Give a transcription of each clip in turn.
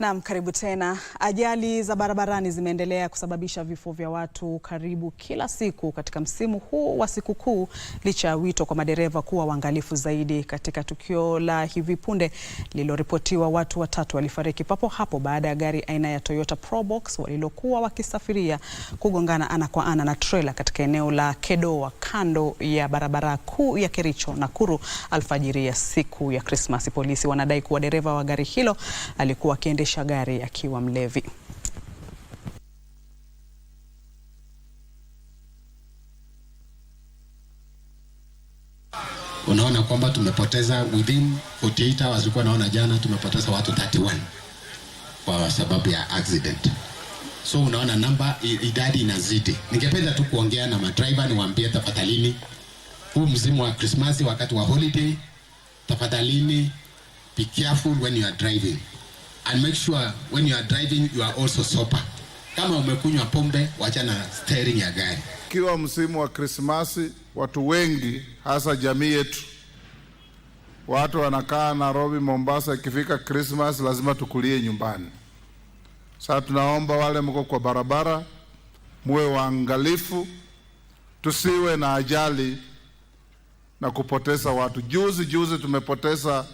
Naam, karibu tena. Ajali za barabarani zimeendelea kusababisha vifo vya watu karibu kila siku katika msimu huu wa sikukuu, licha ya wito kwa madereva kuwa waangalifu zaidi. Katika tukio la hivi punde lililoripotiwa, watu watatu walifariki papo hapo baada ya gari aina ya Toyota Probox walilokuwa wakisafiria kugongana ana kwa ana na trela katika eneo la Kedowa kando ya barabara kuu ya Kericho Nakuru alfajiri ya siku ya Krismasi. Polisi wanadai kuwa dereva wa gari hilo alikuwa akiendesha kuendesha gari akiwa mlevi. Unaona kwamba tumepoteza within 48 hours, ulikuwa naona jana tumepoteza watu 31 kwa sababu ya accident. So unaona namba, idadi inazidi. Ningependa tu kuongea na madriver niwaambie, tafadhalini, huu mzimu wa Krismasi, wakati wa holiday, tafadhalini be careful when you are driving and make sure when you are driving you are also sober. Kama umekunywa pombe, wacha na steering ya gari. Kiwa msimu wa Krismasi, watu wengi hasa jamii yetu, watu wanakaa Nairobi, Mombasa, ikifika Krismasi lazima tukulie nyumbani. Sasa tunaomba wale mko kwa barabara muwe waangalifu, tusiwe na ajali na kupoteza watu. Juzi juzi tumepoteza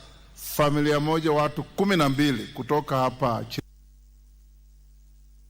familia moja watu kumi na mbili kutoka hapa